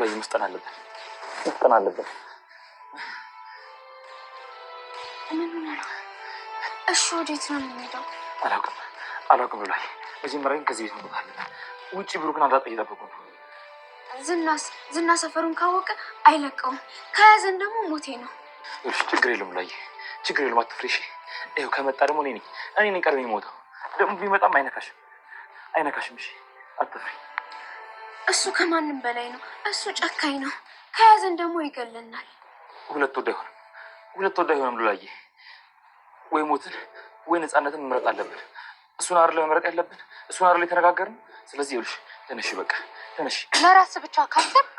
በዚህ ምስጠን አለብን ምስጠን አለብን። እሺ ወዴት ነው የምንሄደው? አላውቅም አላውቅም ብሏል። መጀመሪያ ከዚህ ቤት መውጣት አለብን። ውጭ ብሩክን አዳጣ እየጠበቁ ነው። ዝናስ ዝና ሰፈሩን ካወቀ አይለቀውም። ከያዘን ደግሞ ሞቴ ነው። ችግር የለም ላይ ችግር የለም አትፍሪ። እሺ ይኸው ከመጣ ደግሞ እኔ ነኝ እኔ ነኝ ቀድሜ የምወጣው። ደግሞ ቢመጣም አይነካሽም አይነካሽም። እሺ አትፍሪ። እሱ ከማንም በላይ ነው። እሱ ጨካኝ ነው። ከያዘን ደግሞ ይገለናል። ሁለት ወዳ ይሆን ሁለት ወዳ ይሆን ሉላዬ፣ ወይ ሞትን ወይ ነፃነትን መምረጥ አለብን። እሱን አር መምረጥ ያለብን እሱን አር የተነጋገርን። ስለዚህ ይኸውልሽ፣ ተነሽ፣ በቃ ተነሽ። ለራስ ብቻ ካሰብክ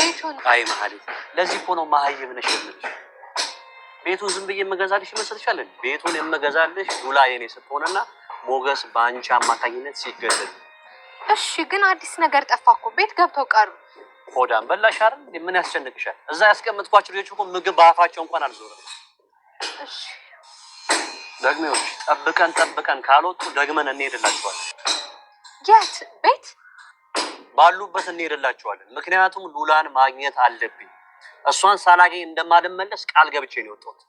ቤቱን አይ መሀሌት፣ ለዚህ እኮ ነው መሀይም ነሽ የምልሽ። ቤቱን ዝም ብዬ የምገዛልሽ ይመስልሻል? ቤቱን የምገዛልሽ ሉላ የኔ ስትሆንና ሞገስ በአንቺ አማካኝነት ሲገለል እሺ፣ ግን አዲስ ነገር ጠፋ እኮ ቤት ገብተው ቀሩ። ሆዳም በላሽ አይደል? ምን ያስጨንቅሻል? እዛ ያስቀመጥኳቸው ልጆች እኮ ምግብ በአፋቸው እንኳን አልዞረም። እሺ፣ ጠብቀን ጠብቀን ካልወጡ ደግመን እንሄድላቸዋለን። የት ቤት ባሉበት እንሄድላቸዋለን። ምክንያቱም ሉላን ማግኘት አለብኝ። እሷን ሳላገኝ እንደማልመለስ ቃል ገብቼ ነው የወጣሁት።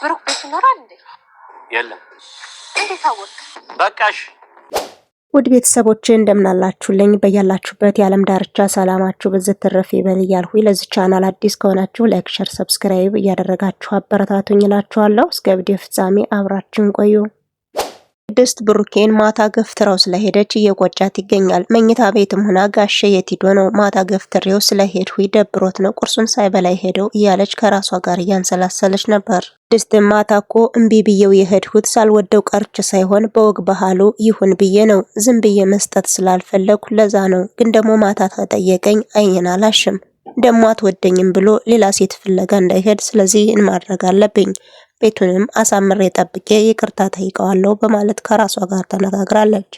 ብሩክ ቤት ይኖራል እንዴ? የለም። እንዴት አወቅ? በቃሽ ውድ ቤተሰቦቼ እንደምናላችሁልኝ በያላችሁበት የዓለም ዳርቻ ሰላማችሁ ብዝት ትረፍ ይበል እያልሁ ለዚህ ቻናል አዲስ ከሆናችሁ ላይክ፣ ሸር፣ ሰብስክራይብ እያደረጋችሁ አበረታቱኝ እላችኋለሁ። እስከ ቪዲዮ ፍጻሜ አብራችን ቆዩ። ቅድስት ብሩኬን ማታ ገፍትራው ስለሄደች እየቆጫት ይገኛል። መኝታ ቤትም ሆና ጋሸ የት ሂዶ ነው ማታ ገፍትሬው ስለሄድሁ ደብሮት ነው ቁርሱን ሳይበላይ ሄደው እያለች ከራሷ ጋር እያንሰላሰለች ነበር። ቅድስትም ማታ እኮ እምቢ ብዬው የሄድሁት ሳልወደው ቀርች ሳይሆን በወግ ባህሉ ይሁን ብዬ ነው። ዝም ብዬ መስጠት ስላልፈለግኩ ለዛ ነው። ግን ደግሞ ማታ ተጠየቀኝ፣ አይኔን አላሽም። ደሞ አትወደኝም ብሎ ሌላ ሴት ፍለጋ እንዳይሄድ ስለዚህ ማድረግ አለብኝ ቤቱንም አሳምሬ ጠብቄ ይቅርታ ጠይቀዋለሁ በማለት ከራሷ ጋር ተነጋግራለች።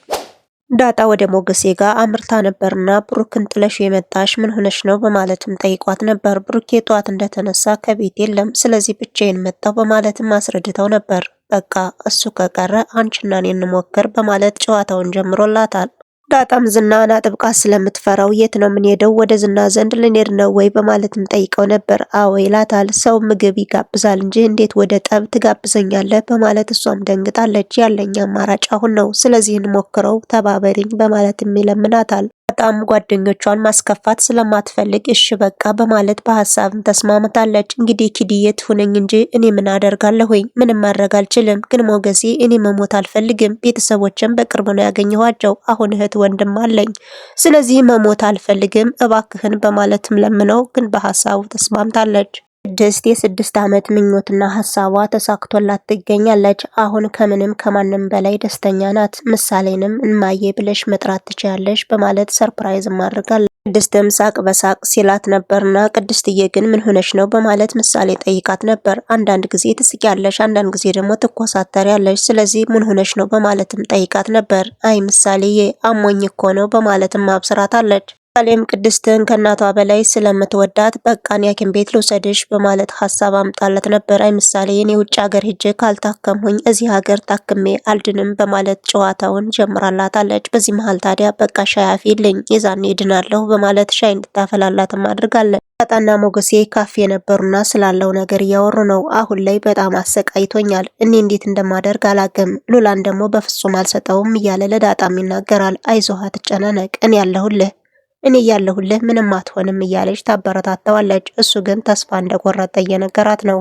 ዳጣ ወደ ሞገሴ ጋር አምርታ ነበርና ብሩክን ጥለሽ የመጣሽ ምን ሆነሽ ነው በማለትም ጠይቋት ነበር። ብሩኬ ጠዋት እንደተነሳ ከቤት የለም፣ ስለዚህ ብቻዬን መጣሁ በማለትም አስረድተው ነበር። በቃ እሱ ከቀረ አንቺና እኔ እንሞክር በማለት ጨዋታውን ጀምሮላታል። ዳጣም ዝናን አጥብቃ ስለምትፈራው የት ነው የምንሄደው? ወደ ዝና ዘንድ ልንሄድ ነው ወይ? በማለትም ጠይቀው ነበር። አዎ ይላታል። ሰው ምግብ ይጋብዛል እንጂ እንዴት ወደ ጠብ ትጋብዘኛለህ? በማለት እሷም ደንግጣለች። ያለኝ አማራጭ አሁን ነው፣ ስለዚህ እንሞክረው፣ ተባበሪኝ በማለትም ይለምናታል። በጣም ጓደኞቿን ማስከፋት ስለማትፈልግ እሺ በቃ በማለት በሀሳብም ተስማምታለች። እንግዲህ ኪድዬ ትሁነኝ እንጂ እኔ ምን አደርጋለሁኝ? ምንም ማድረግ አልችልም። ግን ሞገሴ እኔ መሞት አልፈልግም። ቤተሰቦችን በቅርቡ ነው ያገኘኋቸው። አሁን እህት ወንድም አለኝ። ስለዚህ መሞት አልፈልግም እባክህን በማለትም ለምነው ግን በሀሳቡ ተስማምታለች። ቅድስት የስድስት ዓመት ምኞትና ሀሳቧ ተሳክቶላት ትገኛለች። አሁን ከምንም ከማንም በላይ ደስተኛ ናት። ምሳሌንም እማዬ ብለሽ መጥራት ትችያለሽ በማለት ሰርፕራይዝ አድርጋለች። ቅድስትም ሳቅ በሳቅ ሲላት ነበርና ቅድስትዬ ግን ምን ሆነሽ ነው በማለት ምሳሌ ጠይቃት ነበር። አንዳንድ ጊዜ ትስቂያለሽ፣ አንዳንድ ጊዜ ደግሞ ትኮሳተሪያለሽ፣ ስለዚህ ምን ሆነሽ ነው በማለትም ጠይቃት ነበር። አይ ምሳሌዬ አሞኝ እኮ ነው በማለትም አለች። ሰሌም ቅድስትን ከእናቷ በላይ ስለምትወዳት በቃን ያኪም ቤት ልውሰድሽ በማለት ሀሳብ አምጣለት ነበር። ምሳሌ እኔ ውጭ ሀገር ሂጅ ካልታከምሁኝ እዚህ ሀገር ታክሜ አልድንም በማለት ጨዋታውን ጀምራላታለች። በዚህ መሀል ታዲያ በቃ ሻይ አፍይልኝ የዛኔ እድናለሁ በማለት ሻይ እንድታፈላላትም አድርጋለች። ዳጣና ሞገሴ ካፌ የነበሩና ስላለው ነገር እያወሩ ነው። አሁን ላይ በጣም አሰቃይቶኛል፣ እኔ እንዴት እንደማደርግ አላቅም፣ ሉላን ደግሞ በፍጹም አልሰጠውም እያለ ለዳጣም ይናገራል። አይዞህ አትጨናነቅ፣ እኔ ያለሁልህ እኔ እያለሁልህ ምንም አትሆንም እያለች ታበረታተዋለች። እሱ ግን ተስፋ እንደቆረጠ እየነገራት ነው።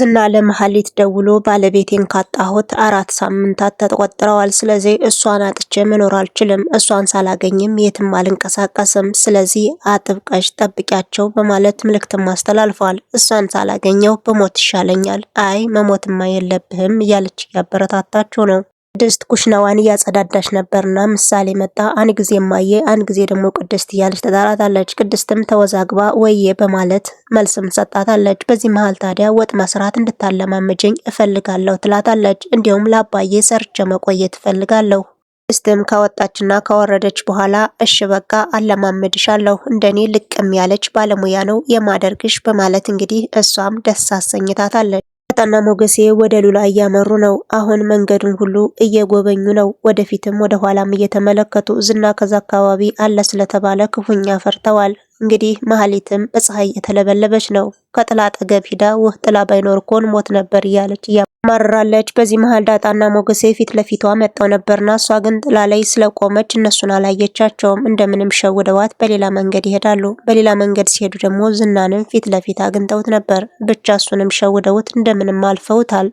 ዝና ለመሀሊት ደውሎ ባለቤቴን ካጣሁት አራት ሳምንታት ተቆጥረዋል። ስለዚህ እሷን አጥቼ መኖር አልችልም፣ እሷን ሳላገኝም የትም አልንቀሳቀስም። ስለዚህ አጥብቀሽ ጠብቂያቸው በማለት ምልክትም አስተላልፈዋል። እሷን ሳላገኘው በሞት ይሻለኛል፣ አይ መሞትማ የለብህም እያለች እያበረታታችው ነው። ቅድስት ኩሽናዋን እያጸዳዳች ነበርና ምሳሌ መጣ። አንድ ጊዜ ማየ አንድ ጊዜ ደግሞ ቅድስት እያለች ተጣራታለች። ቅድስትም ተወዛግባ ወየ በማለት መልስም ሰጣታለች። በዚህ መሀል ታዲያ ወጥ መስራት እንድታለማምጅኝ እፈልጋለሁ ትላታለች። እንዲሁም ለአባዬ ሰርቼ መቆየት እፈልጋለሁ። ቅድስትም ካወጣችና ካወረደች በኋላ እሽ በቃ አለማምድሻለሁ፣ እንደኔ ልቅም ያለች ባለሙያ ነው የማደርግሽ በማለት እንግዲህ እሷም ደስ አሰኝታታለች። ዳጣና ሞገሴ ወደ ሉላ እያመሩ ነው። አሁን መንገዱን ሁሉ እየጎበኙ ነው። ወደፊትም ወደ ኋላም እየተመለከቱ ዝና ከዛ አካባቢ አለ ስለተባለ ክፉኛ ፈርተዋል። እንግዲህ መሀሊትም በፀሐይ እየተለበለበች ነው። ከጥላ አጠገብ ሂዳ ውህ ጥላ ባይኖር ኮን ሞት ነበር እያለች ማራለች። በዚህ መሀል ዳጣና ሞገሴ ፊት ለፊቷ መጥተው ነበርና እሷ ግን ጥላ ላይ ስለቆመች እነሱን አላየቻቸውም። እንደምንም ሸውደዋት በሌላ መንገድ ይሄዳሉ። በሌላ መንገድ ሲሄዱ ደግሞ ዝናንም ፊት ለፊት አግኝተውት ነበር። ብቻ እሱንም ሸውደውት እንደምንም አልፈውታል።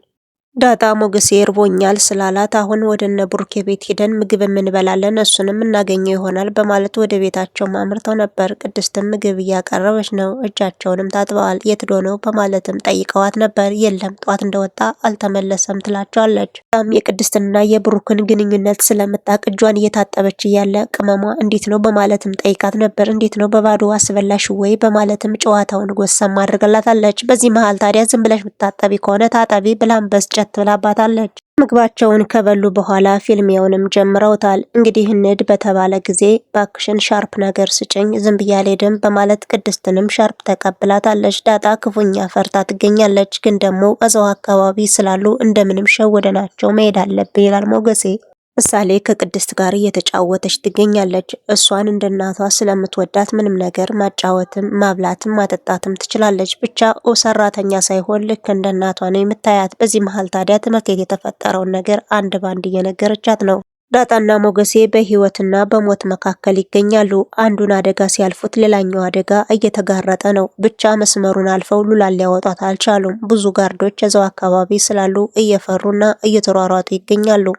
ዳጣ ሞገሴ እርቦኛል ስላላት አሁን ወደነ ቡርኬ ቤት ሄደን ምግብ እንበላለን እሱንም እናገኘው ይሆናል በማለት ወደ ቤታቸው አምርተው ነበር። ቅድስትም ምግብ እያቀረበች ነው። እጃቸውንም ታጥበዋል። የት ዶ ነው በማለትም ጠይቀዋት ነበር። የለም ጧት እንደወጣ አልተመለሰም ትላቸዋለች። ዳም የቅድስትና የብሩክን ግንኙነት ስለምታቅ እጇን እየታጠበች እያለ ቅመሟ እንዴት ነው በማለትም ጠይቃት ነበር። እንዴት ነው በባዶ አስበላሽ ወይ በማለትም ጨዋታውን ጎሰም አድርገላታለች። በዚህ መሀል ታዲያ ዝም ብለሽ ምታጠቢ ከሆነ ታጠቢ ብላም በስጨ ሙጭጭት ብላባታለች። ምግባቸውን ከበሉ በኋላ ፊልሚያውንም ጀምረውታል። እንግዲህ ንድ በተባለ ጊዜ ባክሽን ሻርፕ ነገር ስጭኝ ዝም ብዬ በማለት ቅድስትንም ሻርፕ ተቀብላታለች። ዳጣ ክፉኛ ፈርታ ትገኛለች። ግን ደግሞ እዛው አካባቢ ስላሉ እንደምንም ሸወደናቸው መሄድ አለብን ይላል ሞገሴ። ምሳሌ ከቅድስት ጋር እየተጫወተች ትገኛለች። እሷን እንደ እናቷ ስለምትወዳት ምንም ነገር ማጫወትም፣ ማብላትም፣ ማጠጣትም ትችላለች። ብቻ ሰራተኛ ሳይሆን ልክ እንደ እናቷ ነው የምታያት። በዚህ መሀል ታዲያ ትምህርት የተፈጠረውን ነገር አንድ ባንድ እየነገረቻት ነው። ዳጣና ሞገሴ በህይወትና በሞት መካከል ይገኛሉ። አንዱን አደጋ ሲያልፉት ሌላኛው አደጋ እየተጋረጠ ነው። ብቻ መስመሩን አልፈው ሉላን ሊያወጧት አልቻሉም። ብዙ ጋርዶች እዛው አካባቢ ስላሉ እየፈሩና እየተሯሯጡ ይገኛሉ።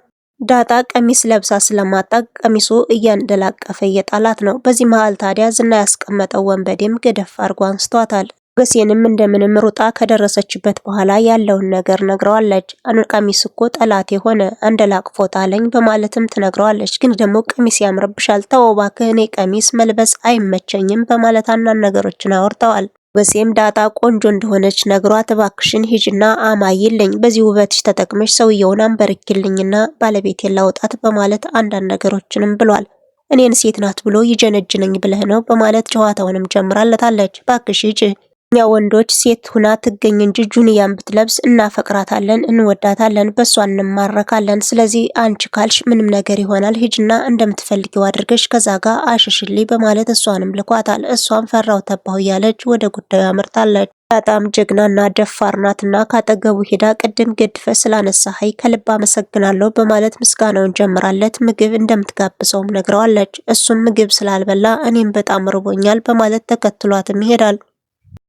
ዳጣ ቀሚስ ለብሳ ስለማጣ ቀሚሱ እያንደላቀፈ እየጣላት ነው። በዚህ መሃል ታዲያ ዝና ያስቀመጠው ወንበዴም ገደፍ አድርጎ አንስቷታል። ሞገሴንም እንደምንም ሩጣ ከደረሰችበት በኋላ ያለውን ነገር ነግረዋለች። ቀሚስ እኮ ጠላቴ ሆነ አንደላቅፎ ጣለኝ በማለትም ትነግረዋለች። ግን ደግሞ ቀሚስ ያምርብሻል፣ ተው እባክህ እኔ ቀሚስ መልበስ አይመቸኝም በማለት አንዳንድ ነገሮችን አውርተዋል። ወሲም ዳጣ ቆንጆ እንደሆነች ነግሯት እባክሽን ሂጅና አማይልኝ በዚህ ውበትሽ ተጠቅመሽ ሰውየውን አንበርኪልኝና ባለቤቴን ላውጣት በማለት አንዳንድ ነገሮችንም ብሏል። እኔን ሴት ናት ብሎ ይጀነጅነኝ ብለህ ነው በማለት ጨዋታውንም ጀምራለታለች። ባክሽ ሂጅ እኛ ወንዶች ሴት ሁና ትገኝ እንጂ ጁንያን ብትለብስ እናፈቅራታለን፣ እንወዳታለን፣ በእሷ እንማረካለን። ስለዚህ አንቺ ካልሽ ምንም ነገር ይሆናል፣ ሂጅና እንደምትፈልጊው አድርገሽ ከዛ ጋር አሸሽልኝ በማለት እሷንም ልኳታል። እሷም ፈራው ተባሁ እያለች ወደ ጉዳዩ አመርታለች። በጣም ጀግናና ደፋር ናትና ካጠገቡ ሄዳ ቅድም ገድፈ ስላነሳኸኝ ከልብ አመሰግናለሁ በማለት ምስጋናውን ጀምራለት ምግብ እንደምትጋብዘውም ነግረዋለች። እሱም ምግብ ስላልበላ እኔም በጣም ርቦኛል በማለት ተከትሏትም ይሄዳል።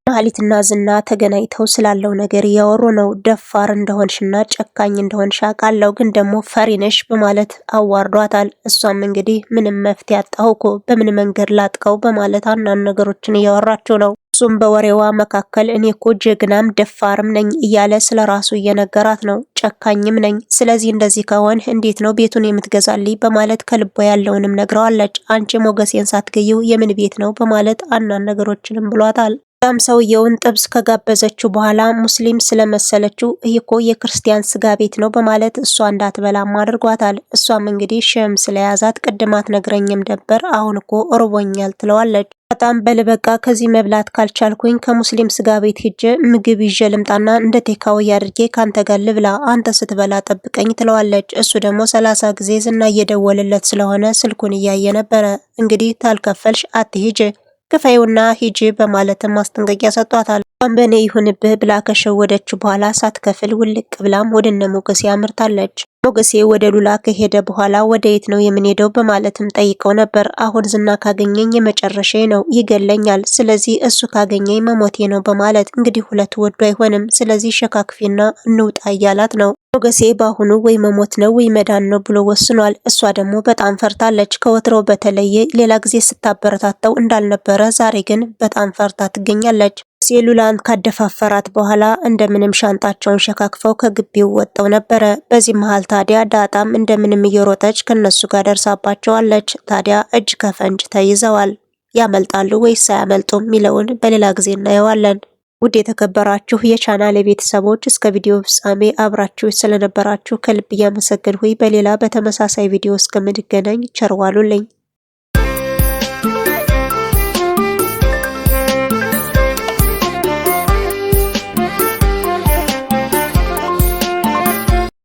መሀሊትና ዝና ተገናኝተው ስላለው ነገር እያወሩ ነው። ደፋር እንደሆንሽና ጨካኝ እንደሆንሽ አውቃለሁ፣ ግን ደግሞ ፈሪነሽ በማለት አዋርዷታል። እሷም እንግዲህ ምንም መፍትሄ አጣሁ እኮ በምን መንገድ ላጥቀው በማለት አንዳንድ ነገሮችን እያወራችው ነው። እሱም በወሬዋ መካከል እኔ እኮ ጀግናም ደፋርም ነኝ እያለ ስለ ራሱ እየነገራት ነው። ጨካኝም ነኝ፣ ስለዚህ እንደዚህ ከሆን እንዴት ነው ቤቱን የምትገዛልኝ? በማለት ከልቧ ያለውንም ነግረዋለች። አንቺ ሞገሴን ሳትገይው የምን ቤት ነው በማለት አንዳንድ ነገሮችንም ብሏታል። በጣም ሰውየውን ጥብስ ከጋበዘችው በኋላ ሙስሊም ስለመሰለችው ይህ እኮ የክርስቲያን ስጋ ቤት ነው በማለት እሷ እንዳትበላም አድርጓታል። እሷም እንግዲህ ሸም ስለያዛት ቅድም አትነግረኝም ነበር፣ አሁን እኮ እርቦኛል ትለዋለች። በጣም በልበቃ ከዚህ መብላት ካልቻልኩኝ ከሙስሊም ስጋ ቤት ሄጄ ምግብ ይዤ ልምጣና እንደ ቴካዊ አድርጌ ካንተ ጋር ልብላ፣ አንተ ስትበላ ጠብቀኝ ትለዋለች። እሱ ደግሞ ሰላሳ ጊዜ ዝና እየደወልለት ስለሆነ ስልኩን እያየ ነበረ። እንግዲህ ታልከፈልሽ አትሄጄ ክፈዩና ሂጂ በማለትም ማስጠንቀቂያ ሰጧታል። አንበኔ ይሁንብህ ብላ ከሸወደችው በኋላ ሳትከፍል ውልቅ ብላም ወደ እነ ሞገሴ ወደ ሉላ ከሄደ በኋላ ወደ የት ነው የምንሄደው በማለትም ጠይቀው ነበር። አሁን ዝና ካገኘኝ የመጨረሻ ነው ይገለኛል፣ ስለዚህ እሱ ካገኘኝ መሞቴ ነው በማለት እንግዲህ ሁለት ወዱ አይሆንም፣ ስለዚህ ሸካክፊና እንውጣ እያላት ነው። ሞገሴ በአሁኑ ወይ መሞት ነው ወይ መዳን ነው ብሎ ወስኗል። እሷ ደግሞ በጣም ፈርታለች። ከወትሮ በተለየ ሌላ ጊዜ ስታበረታተው እንዳልነበረ ዛሬ ግን በጣም ፈርታ ትገኛለች። የሉላን ካደፋፈራት በኋላ እንደምንም ሻንጣቸውን ሸካክፈው ከግቢው ወጥተው ነበረ። በዚህ መሀል ታዲያ ዳጣም እንደምንም እየሮጠች ከነሱ ጋር ደርሳባቸዋለች። ታዲያ እጅ ከፈንጅ ተይዘዋል። ያመልጣሉ ወይስ አያመልጡም የሚለውን በሌላ ጊዜ እናየዋለን። ውድ የተከበራችሁ የቻናል የቤተሰቦች እስከ ቪዲዮ ፍጻሜ አብራችሁ ስለነበራችሁ ከልብ እያመሰገንሁኝ በሌላ በተመሳሳይ ቪዲዮ እስከምንገናኝ ቸር ዋሉልኝ።